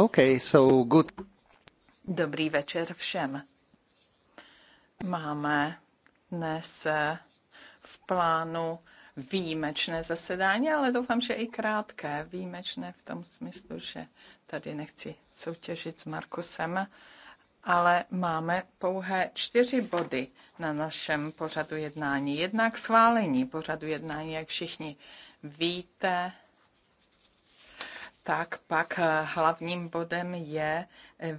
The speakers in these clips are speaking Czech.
Okay, so good. Dobrý večer všem. Máme dnes eh, v plánu výjimečné zasedání, ale doufám, že i krátké. Výjimečné v tom smyslu, že tady nechci soutěžit s Markusem, ale máme pouhé čtyři body na našem pořadu jednání. Jednak schválení pořadu jednání, jak všichni víte, tak pak eh, hlavním bodem je eh,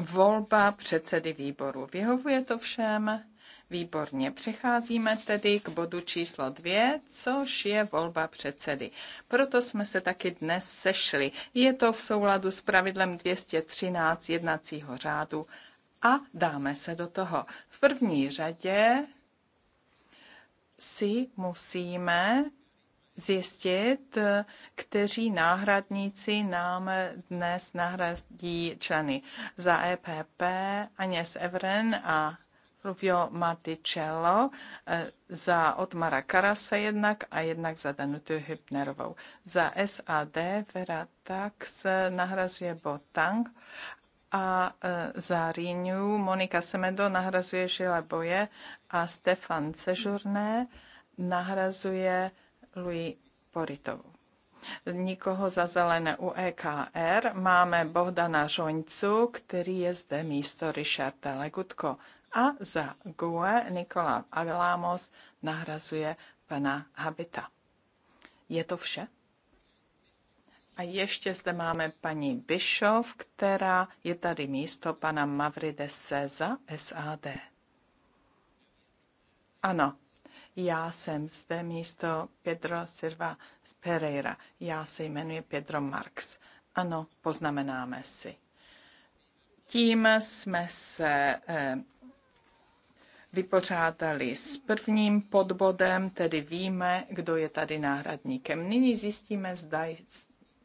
volba předsedy výboru. Vyhovuje to všem? Výborně. Přecházíme tedy k bodu číslo dvě, což je volba předsedy. Proto jsme se taky dnes sešli. Je to v souladu s pravidlem 213 jednacího řádu a dáme se do toho. V první řadě si musíme zjistit, eh, kteří náhradníci nám dnes nahradí členy. Za EPP Agnes Evren a Fluvio Maticello, eh, za Otmara Karase jednak a jednak za Danutu Hypnerovou. Za SAD Vera Tax eh, nahrazuje Botang a za Rínu Monika Semedo nahrazuje Žile Boje a Stefan Cežurné nahrazuje Louis Poritovu. Nikoho za zelené u EKR. Máme Bohdana Žoňcu, který je zde místo Richarda Legutko. A za GUE Nikola Aglamos nahrazuje pana Habita. Je to vše? A ještě zde máme paní Bischoff, která je tady místo pana Mavride Seza, SAD. Ano, já jsem zde místo Pedro Silva z Pereira. Já se jmenuji Pedro Marx. Ano, poznamenáme si. Tím jsme se eh, vypořádali s prvním podbodem, tedy víme, kdo je tady náhradníkem. Nyní zjistíme, zda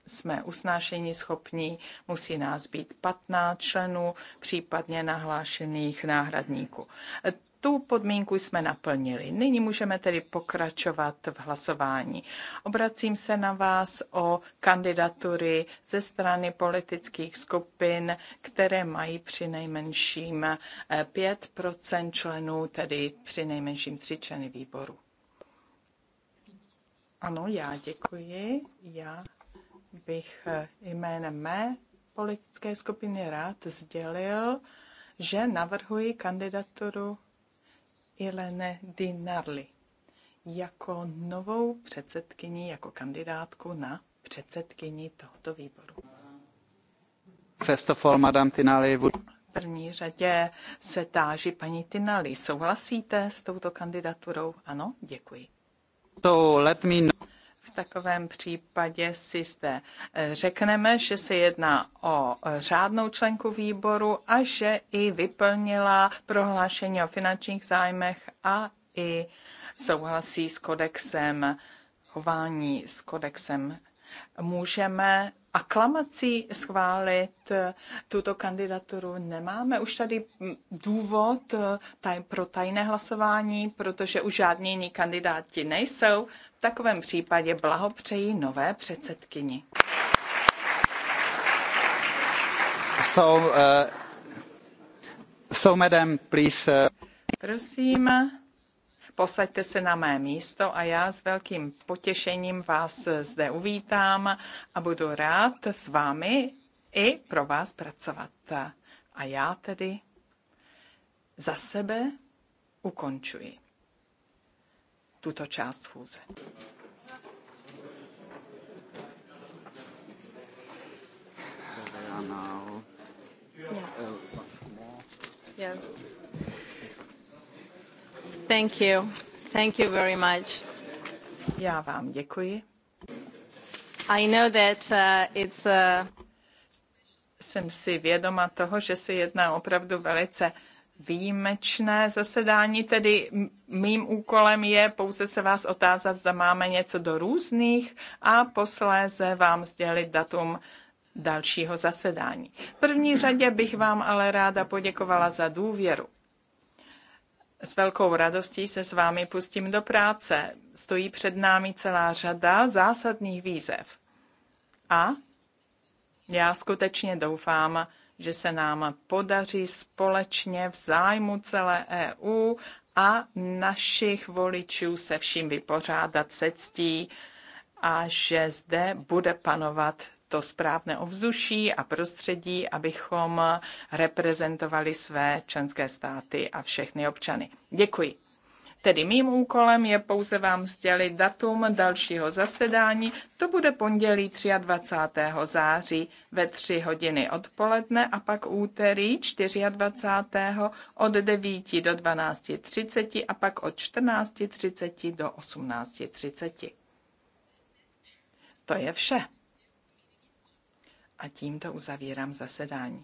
jsme usnášení schopní, musí nás být 15 členů, případně nahlášených náhradníků tu podmínku jsme naplnili. Nyní můžeme tedy pokračovat v hlasování. Obracím se na vás o kandidatury ze strany politických skupin, které mají při nejmenším 5 eh, členů, tedy při nejmenším 3 členy výboru. Ano, já děkuji. Já bych eh, jménem mé politické skupiny rád sdělil, že navrhuji kandidaturu Ilene Di Narli jako novou předsedkyni, jako kandidátku na předsedkyni tohoto výboru. First of all, Madame Tinali, would... V první řadě se táží paní Tinali. Souhlasíte s touto kandidaturou? Ano, děkuji. So let me know. V takovém případě si zde eh, řekneme, že se jedná o eh, řádnou členku výboru a že i vyplnila prohlášení o finančních zájmech a i souhlasí s kodexem chování, s kodexem Můžeme aklamací schválit eh, tuto kandidaturu. Nemáme už tady hm, důvod eh, taj, pro tajné hlasování, protože už žádní jiní kandidáti nejsou. V takovém případě blahopřeji nové předsedkyni. So, uh, so madam, please. Uh... Prosím, posaďte se na mé místo a já s velkým potěšením vás zde uvítám a budu rád s vámi i pro vás pracovat. A já tedy za sebe ukončuji tuto část schůze. Yes. Yes. Thank you. Thank you very much. Já vám děkuji. I know that uh, it's a... Uh, Jsem si vědoma toho, že se jedná opravdu velice výjimečné zasedání, tedy mým úkolem je pouze se vás otázat, zda máme něco do různých a posléze vám sdělit datum dalšího zasedání. V první řadě bych vám ale ráda poděkovala za důvěru. S velkou radostí se s vámi pustím do práce. Stojí před námi celá řada zásadních výzev. A já skutečně doufám, že se nám podaří společně v zájmu celé EU a našich voličů se vším vypořádat se ctí a že zde bude panovat to správné ovzduší a prostředí, abychom reprezentovali své členské státy a všechny občany. Děkuji. Tedy mým úkolem je pouze vám sdělit datum dalšího zasedání. To bude pondělí 23. září ve 3 hodiny odpoledne a pak úterý 24. od 9 do 12.30 a pak od 14.30 do 18.30. To je vše a tímto uzavírám zasedání.